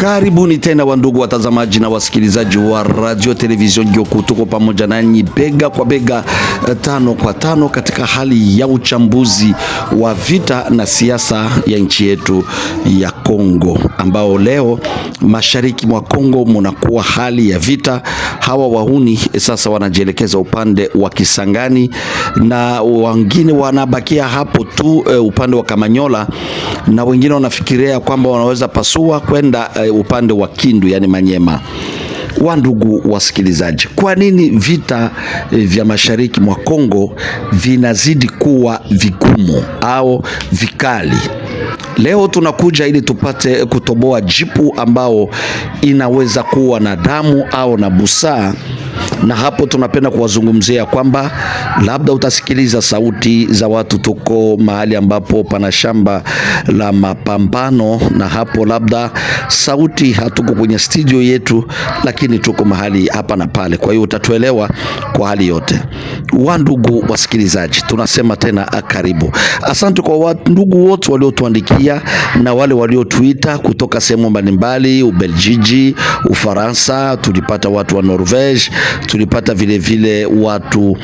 Karibuni tena wandugu watazamaji na wasikilizaji wa radio television Ngyoku, tuko pamoja nanyi bega kwa bega, eh, tano kwa tano, katika hali ya uchambuzi wa vita na siasa ya nchi yetu ya Kongo, ambao leo mashariki mwa Kongo munakuwa hali ya vita. Hawa wahuni sasa wanajielekeza upande wa Kisangani na wengine wanabakia hapo tu, uh, upande wa Kamanyola na wengine wanafikiria kwamba wanaweza pasua kwenda uh, Eh, upande wa Kindu yani Manyema. Wandugu wasikilizaji, kwa nini vita eh, vya mashariki mwa Kongo vinazidi kuwa vigumu au vikali? Leo tunakuja ili tupate kutoboa jipu ambao inaweza kuwa na damu au na busaa na hapo tunapenda kuwazungumzia kwamba labda utasikiliza sauti za watu, tuko mahali ambapo pana shamba la mapambano, na hapo labda sauti, hatuko kwenye studio yetu, lakini tuko mahali hapa na pale. Kwa hiyo utatuelewa kwa hali yote. Wandugu wasikilizaji, tunasema tena karibu. Asante kwa ndugu wote waliotuandikia na wale waliotuita kutoka sehemu mbalimbali, Ubeljiji, Ufaransa, tulipata watu wa Norvege tulipata vilevile vile watu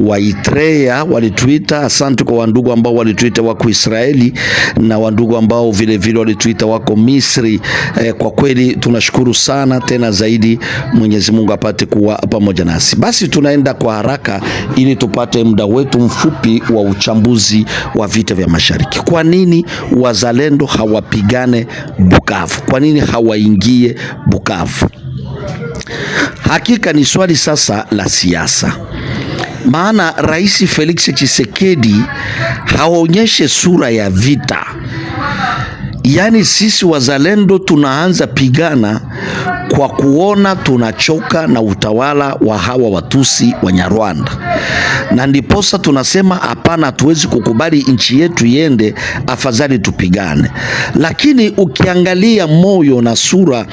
wa Itrea walituita. Asante kwa wandugu ambao walituita wako Israeli na wandugu ambao vilevile walituita wako Misri. Eh, kwa kweli tunashukuru sana tena zaidi. Mwenyezi Mungu apate kuwa pamoja nasi. Basi tunaenda kwa haraka ili tupate muda wetu mfupi wa uchambuzi wa vita vya mashariki. Kwa nini wazalendo hawapigane Bukavu? Kwa nini hawaingie Bukavu? Hakika ni swali sasa la siasa, maana Rais Felix Tshisekedi haonyeshe sura ya vita. Yaani sisi wazalendo tunaanza pigana kwa kuona tunachoka na utawala wa hawa Watusi wa Nyarwanda, na ndiposa tunasema hapana, hatuwezi kukubali nchi yetu iende, afadhali tupigane. Lakini ukiangalia moyo na sura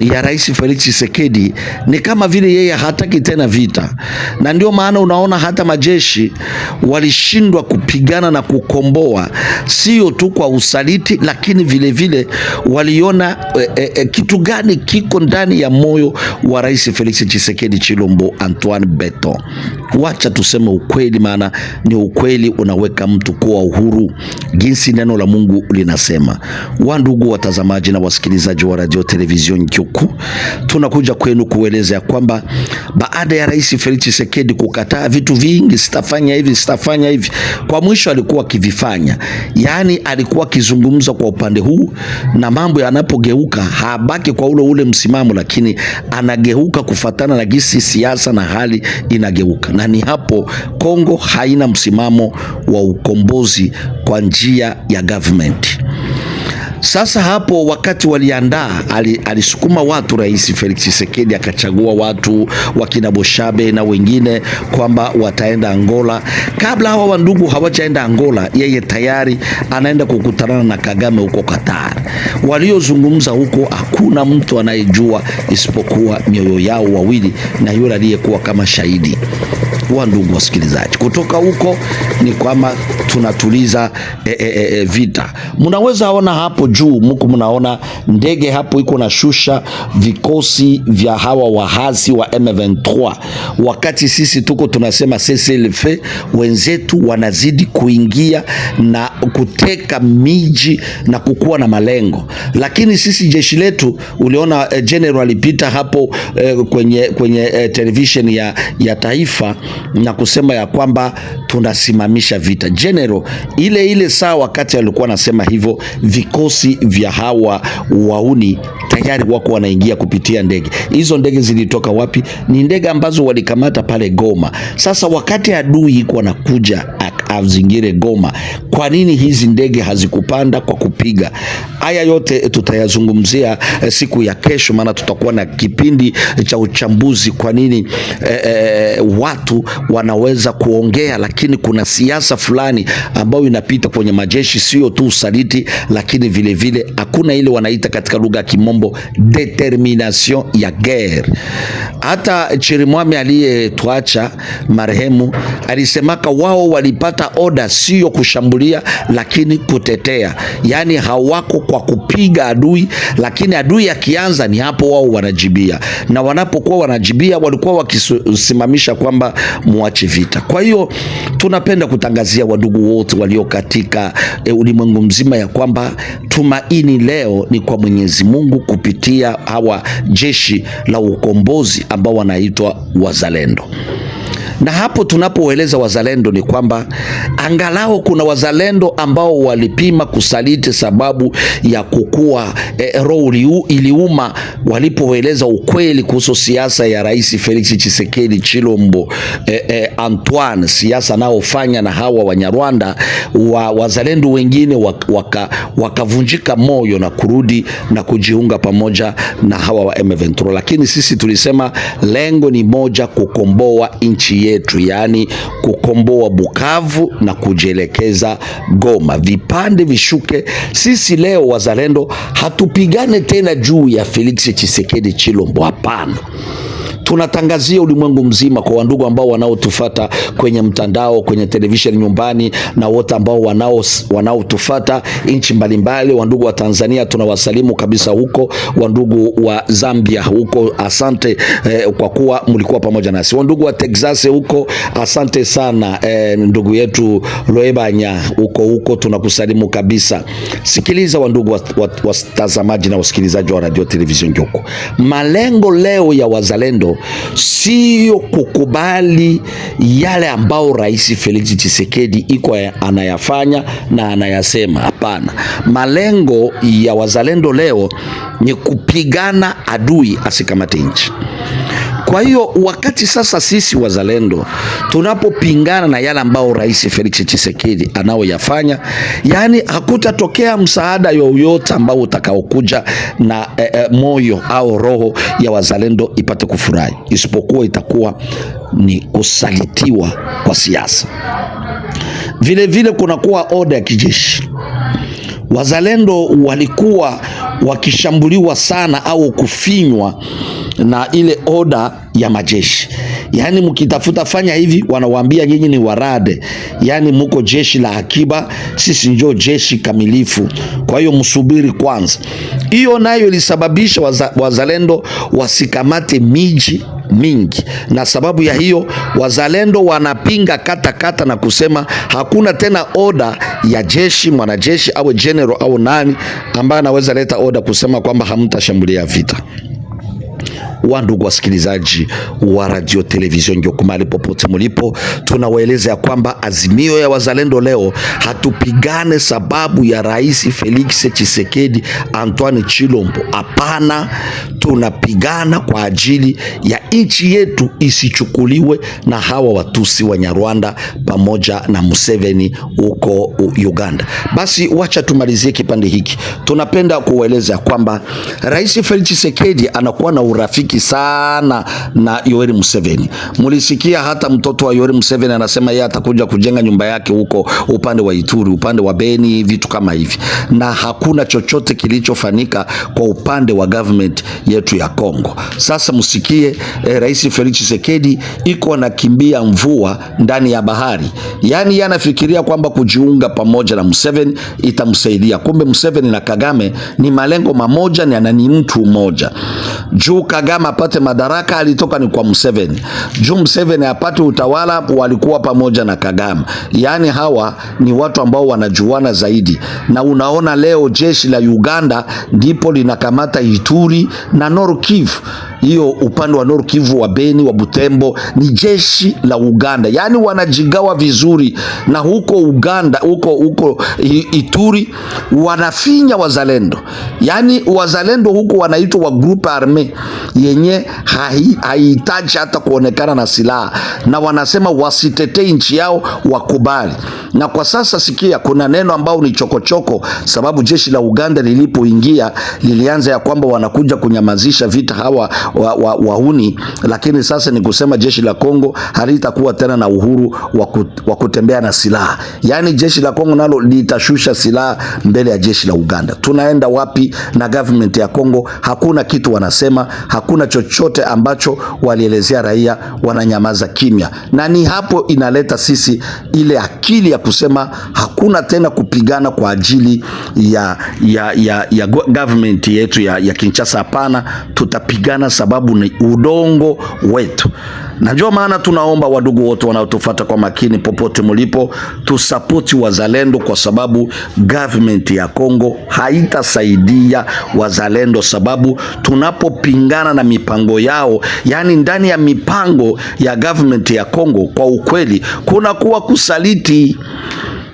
ya Rais Felix Tshisekedi ni kama vile yeye hataki tena vita, na ndio maana unaona hata majeshi walishindwa kupigana na kukomboa, sio tu kwa usaliti, lakini vilevile vile waliona e, e, kitu gani kiko ndani ndani ya moyo wa Rais Felix Tshisekedi Chilombo Antoine Beto. Wacha tuseme ukweli, maana ni ukweli unaweka mtu kuwa uhuru, jinsi neno la Mungu linasema. Wandugu watazamaji na wasikilizaji wa radio television Kyoku, tunakuja kwenu kueleza ya kwamba baada ya Rais Felix Tshisekedi kukataa vitu vingi, sitafanya hivi, sitafanya hivi, kwa mwisho alikuwa akivifanya, yaani alikuwa akizungumza kwa upande huu, na mambo yanapogeuka habaki kwa ule ule msimamo mambo, lakini anageuka kufatana na gisi siasa na hali inageuka, na ni hapo Kongo haina msimamo wa ukombozi kwa njia ya government. Sasa hapo wakati waliandaa, alisukuma watu Rais Felix Tshisekedi akachagua watu wakina Boshabe na wengine kwamba wataenda Angola. Kabla hawa wandugu hawajaenda Angola, yeye tayari anaenda kukutana na Kagame huko Qatar. Waliozungumza huko hakuna mtu anayejua isipokuwa mioyo yao wawili na yule aliyekuwa kama shahidi. Wandugu wasikilizaji, kutoka huko ni kwamba tunatuliza e, e, e, vita. Mnaweza ona hapo juu, mko mnaona ndege hapo iko na shusha vikosi vya hawa wahasi wa M23, wakati sisi tuko tunasema CCLF, wenzetu wanazidi kuingia na kuteka miji na kukua na malengo, lakini sisi jeshi letu uliona eh, general alipita hapo eh, kwenye, kwenye eh, television ya, ya taifa na kusema ya kwamba tunasimamisha vita general Romero ile ile saa wakati alikuwa anasema hivyo, vikosi vya hawa wauni tayari wako wanaingia kupitia ndege hizo. Ndege zilitoka wapi? Ni ndege ambazo walikamata pale Goma. Sasa wakati adui iko anakuja azingire Goma. Kwa nini hizi ndege hazikupanda kwa kupiga? Haya yote tutayazungumzia eh, siku ya kesho, maana tutakuwa na kipindi eh, cha uchambuzi, kwa nini e, e, watu wanaweza kuongea, lakini kuna siasa fulani ambayo inapita kwenye majeshi, sio tu usaliti, lakini vilevile hakuna ile wanaita katika lugha ya Kimombo determination ya guerre. Hata Chirimwami aliyetuacha marehemu alisemaka wao walipata kupata oda sio kushambulia, lakini kutetea. Yaani hawako kwa kupiga adui, lakini adui akianza ni hapo wao wanajibia, na wanapokuwa wanajibia walikuwa wakisimamisha kwamba muache vita. Kwa hiyo tunapenda kutangazia wadugu wote walio katika e, ulimwengu mzima ya kwamba tumaini leo ni kwa Mwenyezi Mungu kupitia hawa jeshi la ukombozi ambao wanaitwa wazalendo. Na hapo tunapoeleza wazalendo ni kwamba angalau kuna wazalendo ambao walipima kusaliti sababu ya kukua eh, roho iliuma walipoeleza ukweli kuhusu siasa ya Rais Felix Tshisekedi Chilombo eh, eh, Antoine, siasa anaofanya na hawa Wanyarwanda wa wazalendo wengine wakavunjika waka moyo na kurudi na kujiunga pamoja na hawa wa M23, lakini sisi tulisema lengo ni moja, kukomboa nchi yetu yetu, yaani kukomboa Bukavu na kujielekeza Goma, vipande vishuke. Sisi leo wazalendo hatupigane tena juu ya Felix Tshisekedi Chilombo, hapana tunatangazia ulimwengu mzima kwa wandugu ambao wanaotufata kwenye mtandao, kwenye televisheni nyumbani, na wote ambao wanaotufata nchi mbalimbali. Wandugu wa Tanzania tunawasalimu kabisa huko, wandugu wa Zambia huko asante eh, kwa kuwa mlikuwa pamoja nasi. Wandugu wa Texas huko asante sana eh, ndugu yetu Loebanya huko huko tunakusalimu kabisa. Sikiliza wandugu watazamaji wa, wa na wasikilizaji wa radio television Ngyoku, malengo leo ya wazalendo siyo kukubali yale ambao Rais Felix Tshisekedi iko anayafanya na anayasema. Hapana, malengo ya wazalendo leo ni kupigana adui asikamate nchi. Kwa hiyo wakati sasa sisi wazalendo tunapopingana na yale ambao Rais Felix Tshisekedi anaoyafanya, yaani hakutatokea msaada yoyote ambao utakaokuja na e, e, moyo au roho ya wazalendo ipate kufurahi, isipokuwa itakuwa ni kusalitiwa kwa siasa. Vilevile kunakuwa oda ya kijeshi wazalendo walikuwa wakishambuliwa sana au kufinywa na ile oda ya majeshi. Yaani mkitafuta fanya hivi, wanawaambia nyinyi ni warade, yaani muko jeshi la akiba, sisi njo jeshi kamilifu, kwa hiyo msubiri kwanza. Hiyo nayo ilisababisha wazalendo wasikamate miji mingi na sababu ya hiyo wazalendo wanapinga kata kata na kusema hakuna tena oda ya jeshi, mwanajeshi au general au nani ambaye anaweza leta oda kusema kwamba hamtashambulia vita wandugu wasikilizaji wa radio television Ngyoku, popote mulipo, tunawaeleza ya kwamba azimio ya wazalendo leo hatupigane sababu ya Rais Felix Tshisekedi Antoine Chilombo. Hapana, tunapigana kwa ajili ya nchi yetu isichukuliwe na hawa watusi wa Nyarwanda pamoja na Museveni huko Uganda. Basi wacha tumalizie kipande hiki. Tunapenda kuwaeleza kwamba Rais Felix Tshisekedi anakuwa na ura rafiki sana na Yoweri Museveni. Mulisikia hata mtoto wa Yoweri Museveni anasema yeye atakuja kujenga nyumba yake huko upande wa Ituri, upande wa Beni, vitu kama hivi, na hakuna chochote kilichofanyika kwa upande wa government yetu ya Kongo. Sasa msikie eh, Rais Felix Tshisekedi iko anakimbia mvua ndani ya bahari, yaani yanafikiria ya kwamba kujiunga pamoja na Museveni itamsaidia, kumbe Museveni na Kagame ni malengo mamoja ni anani mtu mmoja juu Kagame apate madaraka alitoka ni kwa Museveni. Juu Museveni apate utawala, walikuwa pamoja na Kagame. Yaani hawa ni watu ambao wanajuana zaidi, na unaona leo jeshi la Uganda ndipo linakamata Ituri na North Kivu hiyo upande wa Nord Kivu, wa Beni, wa Butembo ni jeshi la Uganda, yaani wanajigawa vizuri, na huko Uganda, huko huko Ituri wanafinya wazalendo, yaani wazalendo huko wanaitwa wa group arme yenye haihitaji hata kuonekana na silaha, na wanasema wasitetee nchi yao, wakubali. Na kwa sasa sikia, kuna neno ambao ni chokochoko choko, sababu jeshi la Uganda lilipoingia lilianza ya kwamba wanakuja kunyamazisha vita hawa wa, wa, wahuni, lakini sasa ni kusema jeshi la Kongo halitakuwa tena na uhuru wa kutembea na silaha, yaani jeshi la Kongo nalo litashusha silaha mbele ya jeshi la Uganda. Tunaenda wapi na government ya Kongo? Hakuna kitu wanasema, hakuna chochote ambacho walielezea raia, wananyamaza kimya, na ni hapo inaleta sisi ile akili ya kusema hakuna tena kupigana kwa ajili ya, ya, ya, ya government yetu ya, ya Kinshasa. Hapana, tutapigana sababu ni udongo wetu, na maana tunaomba wadugu wote wanaotufata kwa makini, popote mulipo, tusapoti wazalendo, kwa sababu government ya Kongo haitasaidia wazalendo, sababu tunapopingana na mipango yao, yaani ndani ya mipango ya government ya Kongo, kwa ukweli kunakuwa kusaliti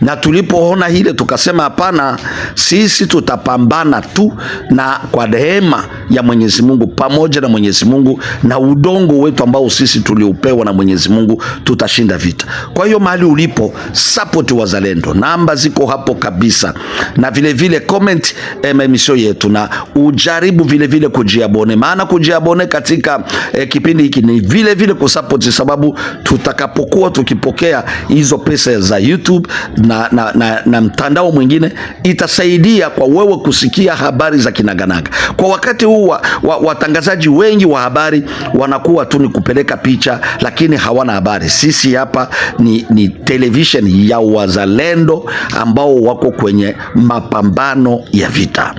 na tulipoona hile tukasema, hapana, sisi tutapambana tu na kwa dehema ya Mwenyezi Mungu pamoja na Mwenyezi Mungu na udongo wetu ambao sisi tuliupewa na Mwenyezi Mungu, tutashinda vita. Kwa hiyo mahali ulipo, support wazalendo, namba ziko hapo kabisa, na vile vile comment eh, emisio yetu, na ujaribu vile vile kujiabone, maana kujiabone katika eh, kipindi hiki ni vile vile kusupport, sababu tutakapokuwa tukipokea hizo pesa za YouTube na, na, na, na mtandao mwingine, itasaidia kwa wewe kusikia habari za kinaganaga kwa wakati huu tu watangazaji wa, wa wengi wa habari wanakuwa tu ni kupeleka picha, lakini hawana habari. Sisi hapa ni, ni television ya wazalendo ambao wako kwenye mapambano ya vita.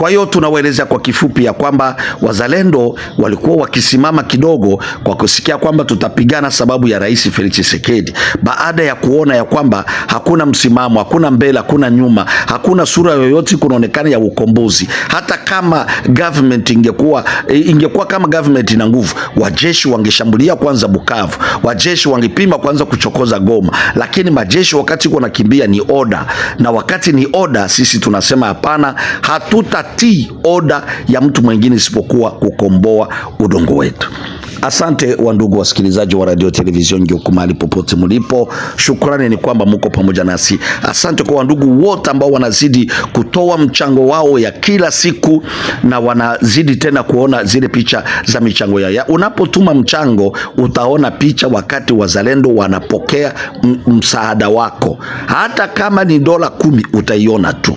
Kwa hiyo tunawaelezea kwa kifupi ya kwamba wazalendo walikuwa wakisimama kidogo kwa kusikia kwamba tutapigana sababu ya Rais Felix Tshisekedi, baada ya kuona ya kwamba hakuna msimamo, hakuna mbele, hakuna nyuma, hakuna sura yoyote kunaonekana ya ukombozi. Hata kama government ingekuwa ingekuwa kama government ina nguvu, wajeshi wangeshambulia kwanza Bukavu, wajeshi wangepima kwanza kuchokoza Goma, lakini majeshi wakati wanakimbia ni oda, na wakati ni oda, sisi tunasema hapana, hatuta kutii oda ya mtu mwingine isipokuwa kukomboa udongo wetu. Asante wa ndugu wasikilizaji wa radio television Ngyoku mahali popote mlipo, shukrani ni kwamba muko pamoja nasi. Asante kwa wandugu wote ambao wanazidi kutoa mchango wao ya kila siku na wanazidi tena kuona zile picha za michango yao. Unapotuma mchango, utaona picha wakati wazalendo wanapokea msaada wako, hata kama ni dola kumi utaiona tu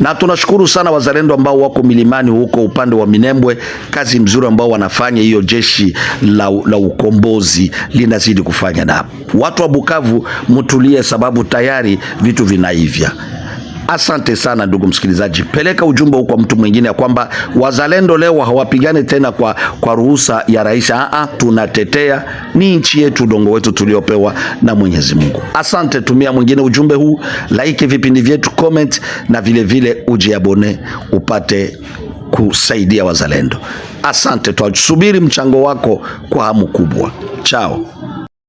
na tunashukuru sana wazalendo ambao wako milimani huko upande wa Minembwe, kazi mzuri ambao wanafanya. Hiyo jeshi la, la ukombozi linazidi kufanya, na watu wa Bukavu mtulie, sababu tayari vitu vinaivya. Asante sana ndugu msikilizaji, peleka ujumbe huu kwa mtu mwingine ya kwamba wazalendo leo hawapigane tena kwa, kwa ruhusa ya rais. Aa, ah, ah, tunatetea ni nchi yetu, udongo wetu tuliopewa na Mwenyezi Mungu. Asante, tumia mwingine ujumbe huu, like vipindi vyetu, comment na vilevile ujiabone upate kusaidia wazalendo. Asante, twasubiri mchango wako kwa hamu kubwa. Chao.